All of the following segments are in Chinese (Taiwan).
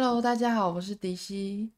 Hello，大家好，我是迪西。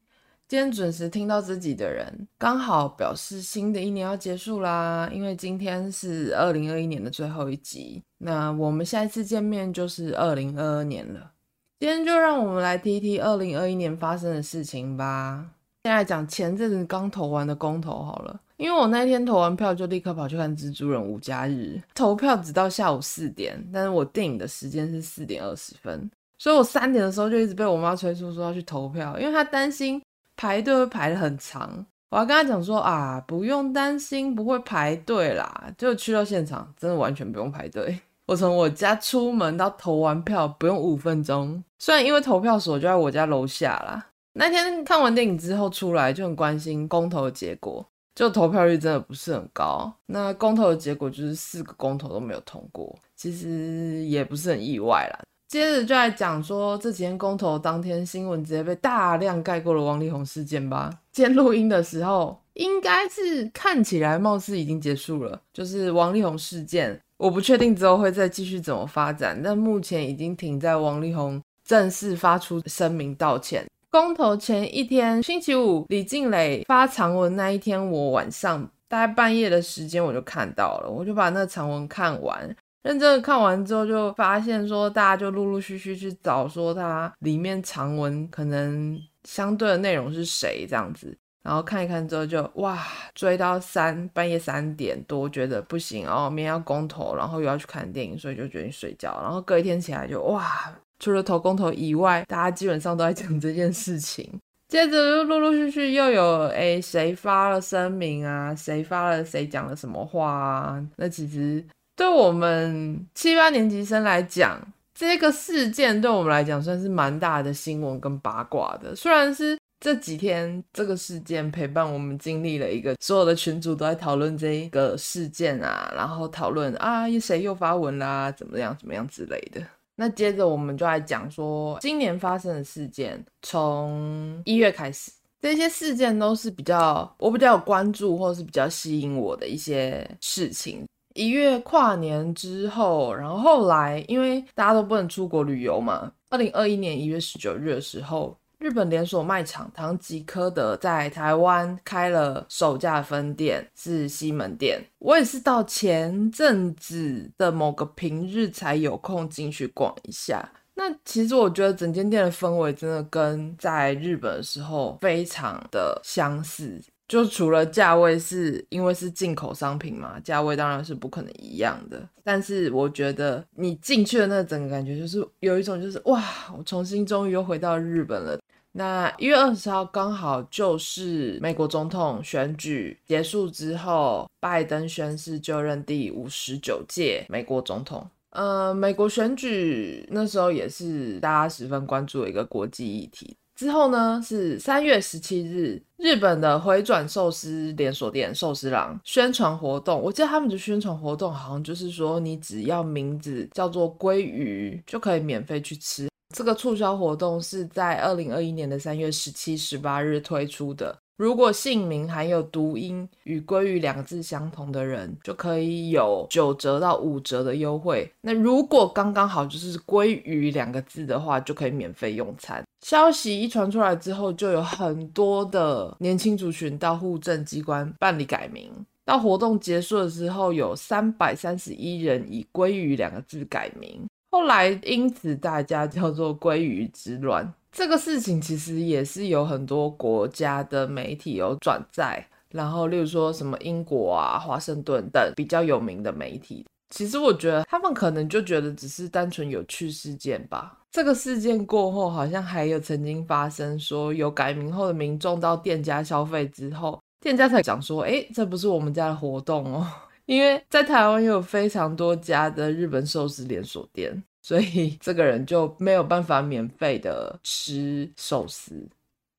今天準時聽到自己的人，剛好表示新的一年要結束啦。因為今天是二零二一年的最後一集，那我們下一次見面就是二零二二年了。今天就讓我們來提一提二零二一年發生的事情吧。先來講前陣子剛投完的公投好了，因為我那天投完票就立刻跑去看蜘蛛人無家日。投票只到下午四點，但是我電影的時間是四點二十分。所以我三點的時候就一直被我媽催促說要去投票，因為她擔心排隊會排得很長。我還跟她講說啊，不用擔心，不會排隊啦，就去到現場，真的完全不用排隊。我從我家出門到投完票不用五分鐘，雖然因為投票所就在我家樓下啦。那天看完電影之後出來就很關心公投的結果，就投票率真的不是很高。那公投的結果就是四個公投都沒有通過，其實也不是很意外啦。接着就來講說，這幾天公投當天新聞直接被大量蓋過了王力宏事件吧。今天錄音的時候，應該是看起來貌似已經結束了，就是王力宏事件，我不確定之後會再繼續怎麼發展，但目前已經停在王力宏正式發出聲明道歉。公投前一天星期五，李靜蕾發長文那一天，我晚上大概半夜的時間我就看到了，我就把那長文看完。認真的看完之後，就發現說大家就陸陸續續去找說他裡面長文可能相對的內容是誰這樣子，然後看一看之後就哇，追到三半夜三點多，覺得不行哦，明天要公投，然後又要去看電影，所以就決定睡覺。然後隔一天起來就哇，除了投公投以外，大家基本上都在講這件事情。接着又陸陸續續又有誒、欸、誰發了聲明啊，誰發了誰講了什麼話啊？那其實。對我們七八年級生來講，這個事件對我們來講算是蠻大的新聞跟八卦的。雖然是這幾天這個事件陪伴我們經歷了一個，所有的群組都在討論這一個事件啊，然後討論啊誰又發文啦、啊，怎麼樣怎麼樣之類的。那接着我們就來講說今年發生的事件，從一月開始，這些事件都是比較我比較有關注，或是比較吸引我的一些事情。一月跨年之後，然後後來，因為大家都不能出國旅遊嘛。二零二一年一月十九日的時候，日本連鎖賣場唐吉訶德在台灣開了首家分店，是西門店。我也是到前陣子的某個平日才有空進去逛一下。那其實我覺得整間店的氛圍真的跟在日本的時候非常的相似。就除了價位，是因為是進口商品嘛，價位當然是不可能一樣的。但是我覺得你進去的那整個感覺，就是有一種就是哇，我重新終於又回到日本了。那一月二十號剛好就是美國總統選舉結束之後，拜登宣誓就任第五十九屆美國總統。呃，美國選舉那時候也是大家十分關注的一個國際議題。之後呢，是三月十七日，日本的回轉壽司連鎖店壽司郎宣傳活動。我記得他們的宣傳活動好像就是說，你只要名字叫做鮭魚，就可以免費去吃。這個促銷活動是在二零二一年的三月十七、十八日推出的。如果姓名含有讀音與“鮭魚”兩個字相同的人，就可以有九折到五折的優惠。那如果剛剛好就是“鮭魚”兩個字的話，就可以免費用餐。消息一傳出來之後，就有很多的年輕族群到戶政機關辦理改名。到活動結束的時候，有三百三十一人以“鮭魚”兩個字改名。後來因此大家叫做“鮭魚之亂”。這個事情其實也是有很多國家的媒體有轉載，然後例如說什麼英國啊、華盛頓等比較有名的媒體。其實我覺得他們可能就覺得只是單純有趣事件吧。這個事件過後，好像還有曾經發生說有改名後的民眾到店家消費之後，店家才講說，誒，這不是我們家的活動哦，因為在台灣有非常多家的日本壽司連鎖店。所以這個人就沒有辦法免費的吃壽司。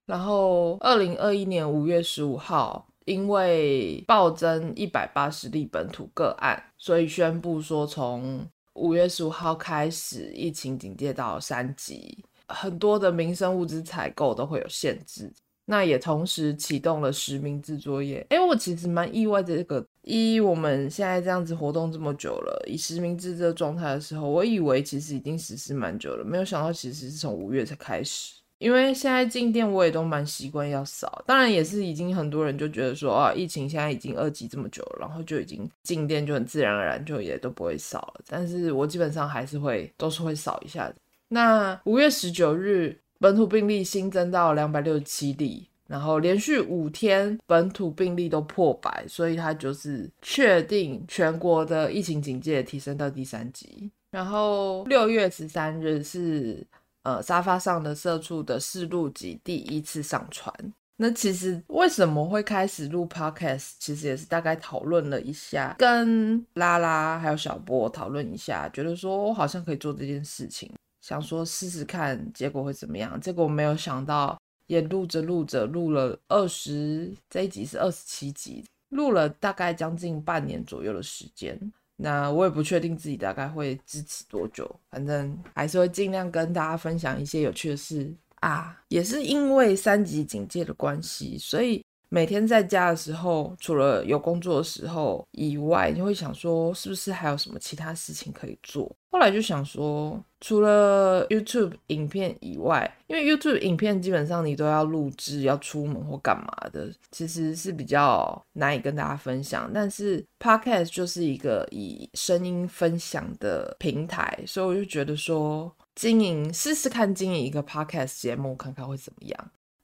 然後，二零二一年五月十五號，因為暴增一百八十例本土個案，所以宣布說從五月十五號開始，疫情警戒到三級，很多的民生物資採購都會有限制。那也同時啟動了實名制作業。哎、欸，我其實蠻意外的這個。一我們現在這樣子活動這麼久了，以實名制這個狀態的時候，我以為其實已經實施蠻久了，沒有想到其實是從五月才開始。因為現在進店我也都蠻習慣要掃，當然也是已經很多人就覺得說，啊，疫情現在已經二級這麼久了，然後就已經進店就很自然而然就也都不會掃了。但是我基本上還是會都是會掃一下的。那五月十九日，本土病例新增到兩百六十七例。然後連續五天本土病例都破百，所以他就是確定全國的疫情警戒提升到第三級。然後六月十三日是呃沙發上的社畜的試錄集第一次上傳。那其實為什麼會開始錄 Podcast？其實也是大概討論了一下，跟拉拉還有小波討論一下，覺得說我好像可以做這件事情，想說試試看結果會怎麼樣。結果我沒有想到。也錄着錄着，錄了二十，這一集是二十七集，錄了大概將近半年左右的時間。那我也不確定自己大概會支持多久，反正還是會盡量跟大家分享一些有趣的事。啊，也是因為三級警戒的關係，所以。每天在家的時候，除了有工作的時候以外，你會想說是不是還有什麼其他事情可以做？後來就想說，除了 YouTube 影片以外，因為 YouTube 影片基本上你都要錄製、要出門或幹嘛的，其實是比較難以跟大家分享。但是 Podcast 就是一個以聲音分享的平台，所以我就覺得說，經營，試試看經營一個 Podcast 節目，看看會怎麼樣。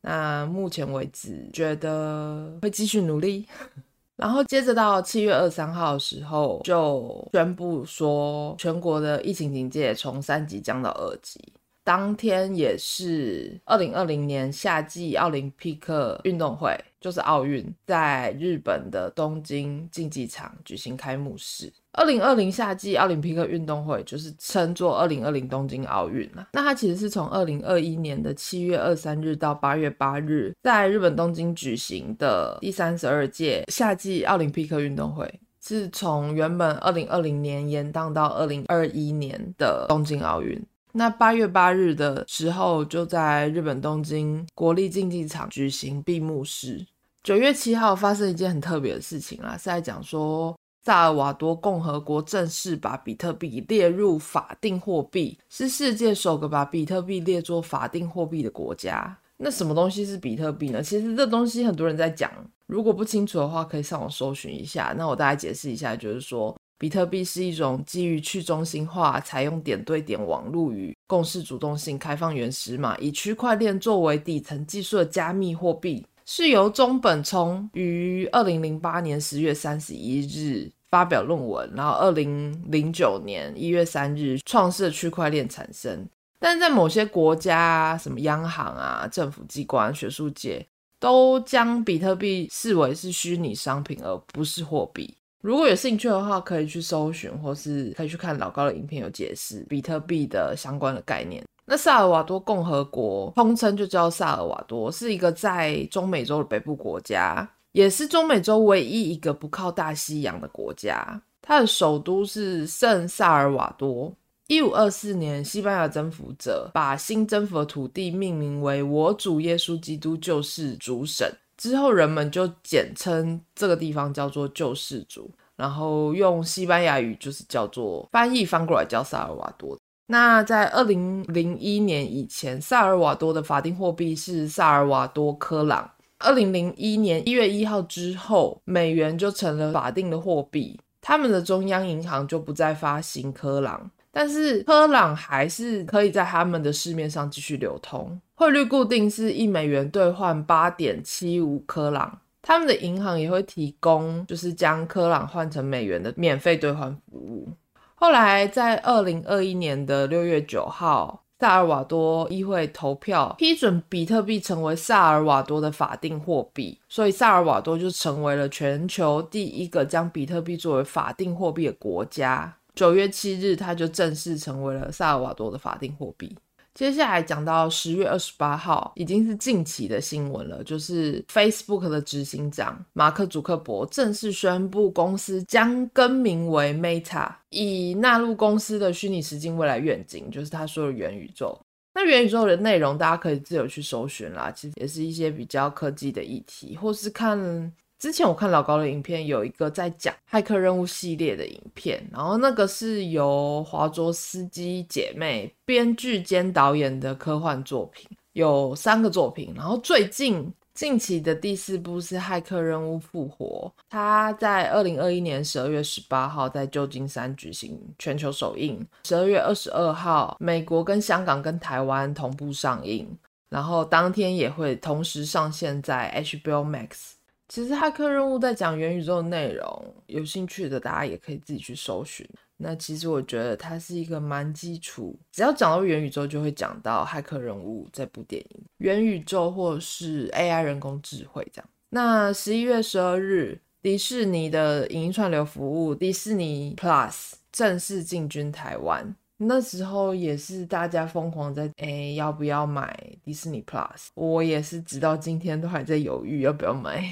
那目前為止，覺得會繼續努力， 然後接着到七月二十三號的時候，就宣布說全國的疫情警戒從三級降到二級。當天也是二零二零年夏季奧林匹克運動會，就是奧運，在日本的東京競技場舉行開幕式。二零二零夏季奧林匹克運動會就是稱作二零二零東京奧運。那它其實是從二零二一年的七月二三日到八月八日，在日本東京舉行的第三十二屆夏季奧林匹克運動會，是從原本二零二零年延宕到二零二一年的東京奧運。那八月八日的時候，就在日本東京國立競技場舉行閉幕式。九月七號發生一件很特別的事情啦，是在講說薩爾瓦多共和國正式把比特幣列入法定貨幣，是世界首個把比特幣列作法定貨幣的國家。那什麼東西是比特幣呢？其實這東西很多人在講，如果不清楚的話，可以上網搜尋一下。那我大概解釋一下，就是說。比特幣是一種基於去中心化、採用點對點網絡與共識主動性、開放原始碼、以區塊鏈作為底層技術的加密貨幣。是由中本聰於二零零八年十月三十一日發表論文，然後二零零九年一月三日創設區塊鏈產生。但在某些國家，什麼央行啊、政府機關、啊、學術界都將比特幣視為是虛擬商品，而不是貨幣。如果有興趣的話，可以去搜尋，或是可以去看老高的影片，有解釋比特幣的相關的概念。那薩爾瓦多共和國，通稱就叫薩爾瓦多，是一個在中美洲的北部國家，也是中美洲唯一一個不靠大西洋的國家。它的首都是聖薩爾瓦多。一五二四年，西班牙征服者把新征服的土地命名為“我主耶穌基督救世主神”。之後，人們就簡稱這個地方叫做救世主，然後用西班牙語就是叫做翻譯翻過來叫薩爾瓦多。那在二零零一年以前，薩爾瓦多的法定貨幣是薩爾瓦多科朗。二零零一年一月一號之後，美元就成了法定的貨幣，他們的中央銀行就不再發行科朗。但是科朗還是可以在他們的市面上繼續流通，匯率固定是一美元兌換八點七五科朗。他們的銀行也會提供，就是將科朗換成美元的免費兌換服務。後來在二零二一年的六月九號，薩爾瓦多議會投票批准比特幣成為薩爾瓦多的法定貨幣，所以薩爾瓦多就成為了全球第一個將比特幣作為法定貨幣的國家。九月七日，他就正式成為了薩爾瓦多的法定貨幣。接下來講到十月二十八號，已經是近期的新聞了，就是 Facebook 的執行長馬克·祖克伯正式宣布，公司將更名為 Meta，以納入公司的虛擬實境未來願景，就是他說的元宇宙。那元宇宙的內容，大家可以自由去搜尋啦。其實也是一些比較科技的議題，或是看。之前我看老高的影片，有一個在講《駭客任務》系列的影片，然後那個是由華卓斯基姐妹編劇兼導演的科幻作品，有三個作品。然後最近近期的第四部是《駭客任務：復活》，它在二零二一年十二月十八號在舊金山舉行全球首映，十二月二十二號美國跟香港跟台灣同步上映，然後當天也會同時上線在 HBO Max。其實《駭客任務》在講元宇宙的內容，有興趣的大家也可以自己去搜尋。那其實我覺得它是一個蠻基礎，只要講到元宇宙，就會講到《駭客任務》這部電影。元宇宙或是 AI 人工智慧這樣。那十一月十二日，迪士尼的影音串流服務迪士尼 Plus 正式進軍台灣。那時候也是大家瘋狂在哎、欸、要不要買迪士尼 Plus，我也是直到今天都還在猶豫要不要買，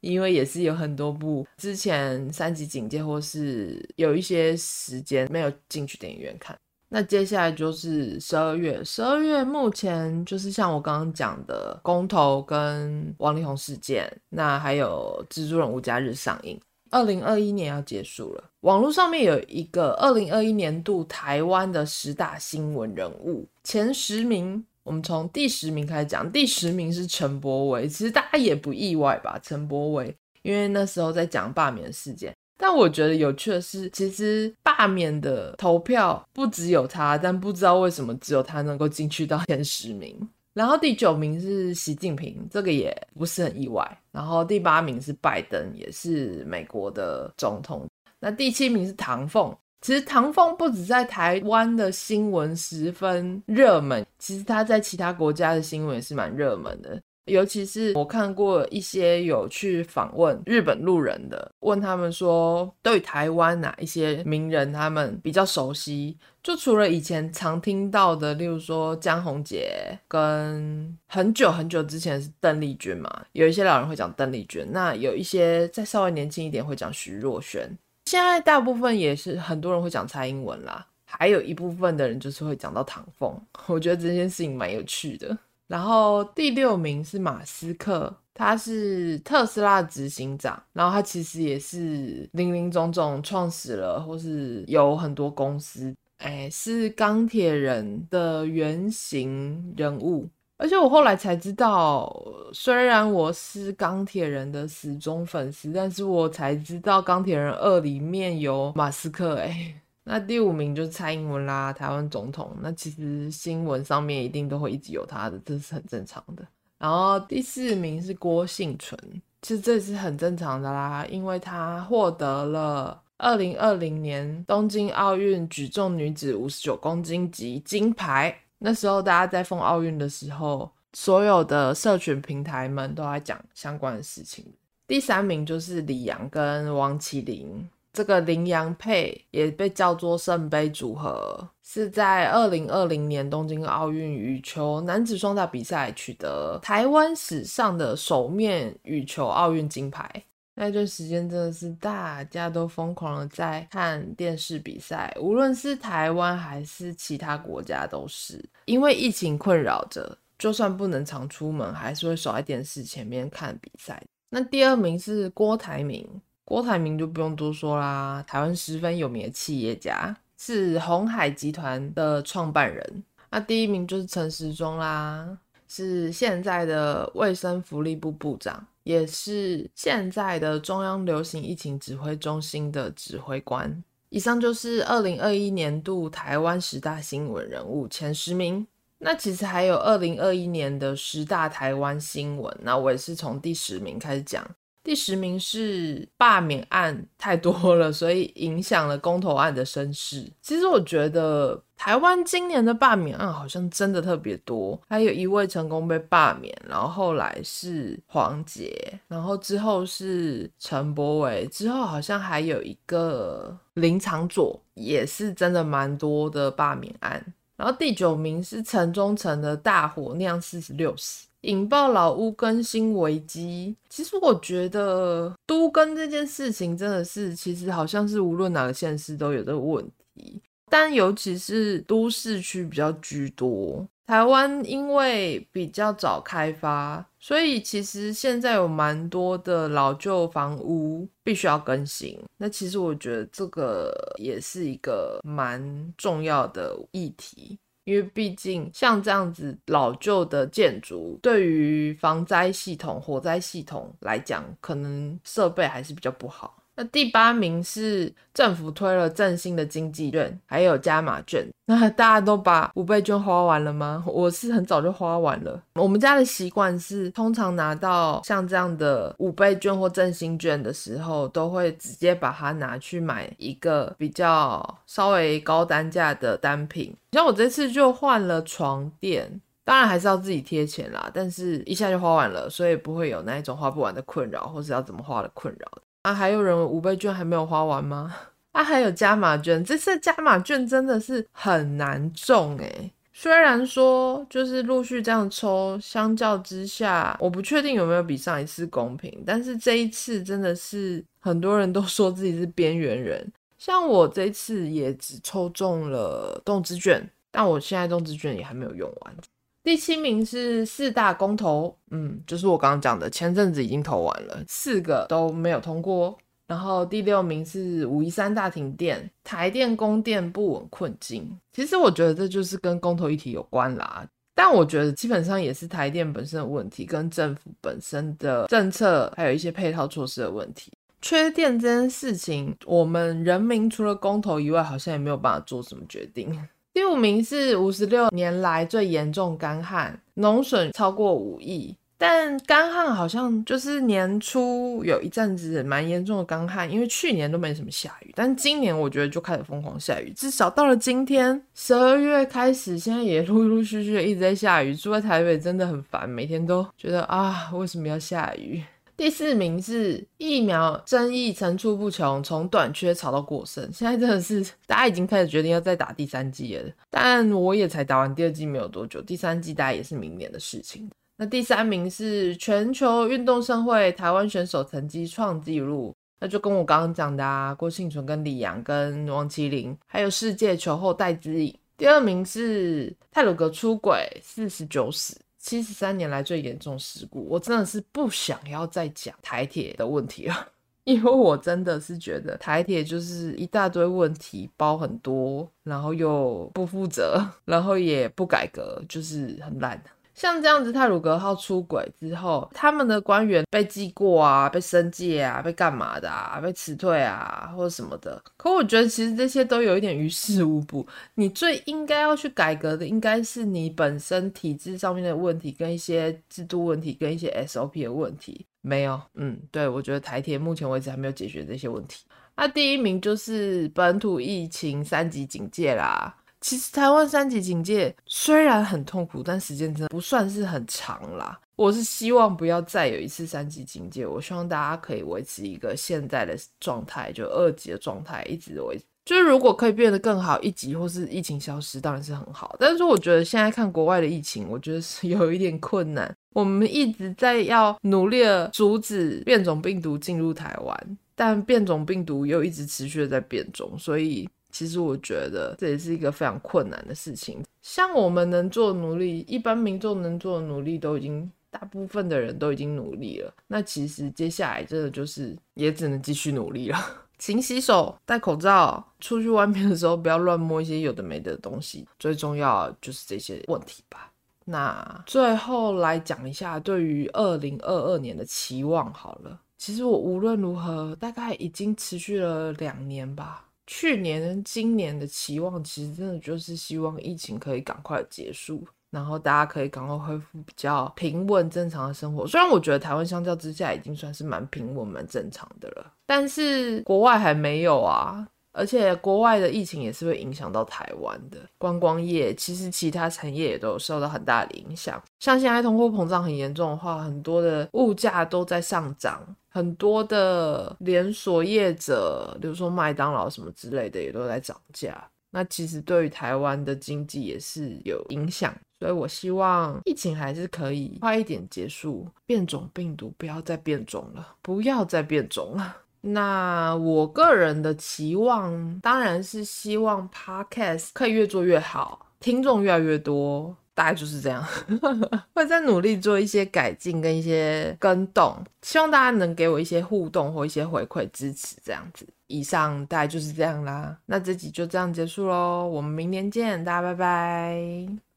因為也是有很多部之前三級警戒或是有一些時間沒有進去電影院看。那接下來就是十二月，十二月目前就是像我剛剛講的公投跟王力宏事件，那還有蜘蛛人無家日上映。二零二一年要結束了，網絡上面有一個二零二一年度台灣的十大新聞人物前十名，我們從第十名開始講。第十名是陳柏惟，其實大家也不意外吧？陳柏惟，因為那時候在講罷免事件，但我覺得有趣的是，其實罷免的投票不只有他，但不知道為什麼只有他能夠進去到前十名。然後第九名是習近平，這個也不是很意外。然後第八名是拜登，也是美國的總統。那第七名是唐鳳，其實唐鳳不止在台灣的新聞十分熱門，其實他在其他國家的新聞也是蠻熱門的。尤其是我看過一些有去訪問日本路人的，問他們說，對台灣哪、啊、一些名人他們比較熟悉？就除了以前常聽到的，例如說江宏傑，跟很久很久之前是鄧麗君嘛，有一些老人會講鄧麗君，那有一些再稍微年輕一點會講徐若瑄，現在大部分也是很多人會講蔡英文啦，還有一部分的人就是會講到唐鳳，我覺得這件事情蠻有趣的。然後第六名是馬斯克，他是特斯拉執行長，然後他其實也是林林總總，創始了或是有很多公司，哎，是鋼鐵人的原型人物。而且我後來才知道，雖然我是鋼鐵人的死忠粉絲，但是我才知道鋼鐵人二裡面有馬斯克、欸，哎。那第五名就是蔡英文啦，台灣總統。那其實新聞上面一定都會一直有他的，這是很正常的。然後第四名是郭婞淳，其實這也是很正常的啦，因為他獲得了二零二零年東京奧運舉重女子五十九公斤級金牌。那時候大家在封奧運的時候，所有的社群平台們都在講相關的事情。第三名就是李洋跟王齊麟。這個麟洋配也被叫做聖杯組合，是在二零二零年東京奧運羽球男子雙打比賽取得台灣史上的首面羽球奧運金牌。那一段時間真的是大家都瘋狂的在看電視比賽，無論是台灣還是其他國家，都是因為疫情困擾着，就算不能常出門，還是會守在電視前面看比賽。那第二名是郭台銘。郭台銘就不用多說啦，台灣十分有名的企業家，是鴻海集團的創辦人。那第一名就是陳時中啦，是現在的衛生福利部部長，也是現在的中央流行疫情指揮中心的指揮官。以上就是二零二一年度台灣十大新聞人物前十名。那其實還有二零二一年的十大台灣新聞，那我也是從第十名開始講。第十名是罷免案太多了，所以影響了公投案的聲勢。其實我覺得台灣今年的罷免案好像真的特別多，還有一位成功被罷免，然後後來是黃捷，然後之後是陳柏惟，之後好像還有一個林昶佐，也是真的蠻多的罷免案。然後第九名是城中城的大火釀四十六死。引爆老屋更新危機，其實我覺得都更這件事情真的是，其實好像是無論哪個縣市都有的問題，但尤其是都市區比較居多。台灣因為比較早開發，所以其實現在有蠻多的老舊房屋必須要更新。那其實我覺得這個也是一個蠻重要的議題。因為畢竟像這樣子老舊的建築，對於防災系統、火災系統來講，可能設備還是比較不好。那第八名是政府推了振興的經濟券，還有加碼券。那大家都把五倍券花完了嗎？我是很早就花完了。我們家的習慣是，通常拿到像這樣的五倍券或振興券的時候，都會直接把它拿去買一個比較稍微高單價的單品。像我這次就換了床墊，當然還是要自己貼錢啦，但是一下就花完了，所以不會有那一種花不完的困擾，或是要怎麼花的困擾。啊，還有人五倍券還沒有花完嗎？啊，還有加碼券，這次加碼券真的是很難中欸。雖然說就是陸續這樣抽，相較之下，我不確定有沒有比上一次公平，但是這一次真的是很多人都說自己是邊緣人，像我這一次也只抽中了動滋券，但我現在動滋券也還沒有用完。第七名是四大公投，嗯，就是我剛剛講的，前陣子已經投完了，四個都沒有通過。然後第六名是五一三大停電，台電供電不穩困境。其實我覺得這就是跟公投議題有關啦，但我覺得基本上也是台電本身的問題，跟政府本身的政策，還有一些配套措施的問題。缺電這件事情，我們人民除了公投以外，好像也沒有辦法做什麼決定。第五名是五十六年來最嚴重乾旱，農損超過五億。但乾旱好像就是年初有一陣子蠻嚴重的乾旱，因為去年都沒什麼下雨，但今年我覺得就開始瘋狂下雨，至少到了今天十二月開始，現在也陸陸續續的一直在下雨。住在台北真的很煩，每天都覺得啊，為什麼要下雨？第四名是疫苗爭議層出不窮，從短缺炒到過剩，現在真的是大家已經開始決定要再打第三劑了。但我也才打完第二劑。沒有多久，第三劑大概也是明年的事情。那第三名是全球運動盛會，台灣選手成績創紀錄。那就跟我剛剛講的、啊、郭婞淳、跟李洋、跟王齊麟，還有世界球後戴資穎。第二名是太魯閣出軌四十九死。七十三年來最嚴重事故，我真的是不想要再講台鐵的問題了， 因為我真的是覺得台鐵就是一大堆問題包很多，然後又不負責，然後也不改革，就是很爛的。像這樣子，太魯閣號出軌之後，他們的官員被記過啊，被申誡啊，被幹嘛的啊，被辭退啊，或者什麼的。可我覺得其實這些都有一點於事無補。嗯、你最應該要去改革的，應該是你本身體制上面的問題，跟一些制度問題，跟一些 SOP 的問題。沒有，嗯，對，我覺得台鐵目前為止還沒有解決這些問題。那第一名就是本土疫情三級警戒啦。其實台灣三級警戒雖然很痛苦，但時間真的不算是很長啦。我是希望不要再有一次三級警戒，我希望大家可以維持一個現在的狀態，就二級的狀態一直維持。就是如果可以變得更好，一級或是疫情消失，當然是很好。但是我覺得現在看國外的疫情，我覺得是有一點困難。我們一直在要努力阻止變種病毒進入台灣，但變種病毒又一直持續的在變種，所以。其實我覺得這也是一個非常困難的事情，像我們能做的努力，一般民眾能做的努力，都已經大部分的人都已經努力了。那其實接下來真的就是也只能繼續努力了。 勤洗手，戴口罩，出去外面的時候不要亂摸一些有的沒的東西。最重要就是這些問題吧。那最後來講一下對於二零二二年的期望好了。其實我無論如何，大概已經持續了兩年吧。去年、今年的期望，其實真的就是希望疫情可以趕快結束，然後大家可以趕快恢復比較平穩、正常的生活。雖然我覺得台灣相較之下已經算是蠻平穩、蠻正常的了，但是國外還沒有啊。而且國外的疫情也是會影響到台灣的觀光業，其實其他產業也都有受到很大的影響。像現在通貨膨脹很嚴重的話，很多的物價都在上漲。很多的連鎖業者，比如說麥當勞什麼之類的，也都在漲價。那其實對於台灣的經濟也是有影響，所以我希望疫情還是可以快一點結束，變種病毒不要再變種了，不要再變種了。那我個人的期望，當然是希望 Podcast 可以越做越好，聽眾越來越多。大概就是這樣，會 在努力做一些改進跟一些更動，希望大家能給我一些互動或一些回饋支持這樣子。以上大概就是這樣啦，那這集就這樣結束嘍，我們明年見，大家拜拜。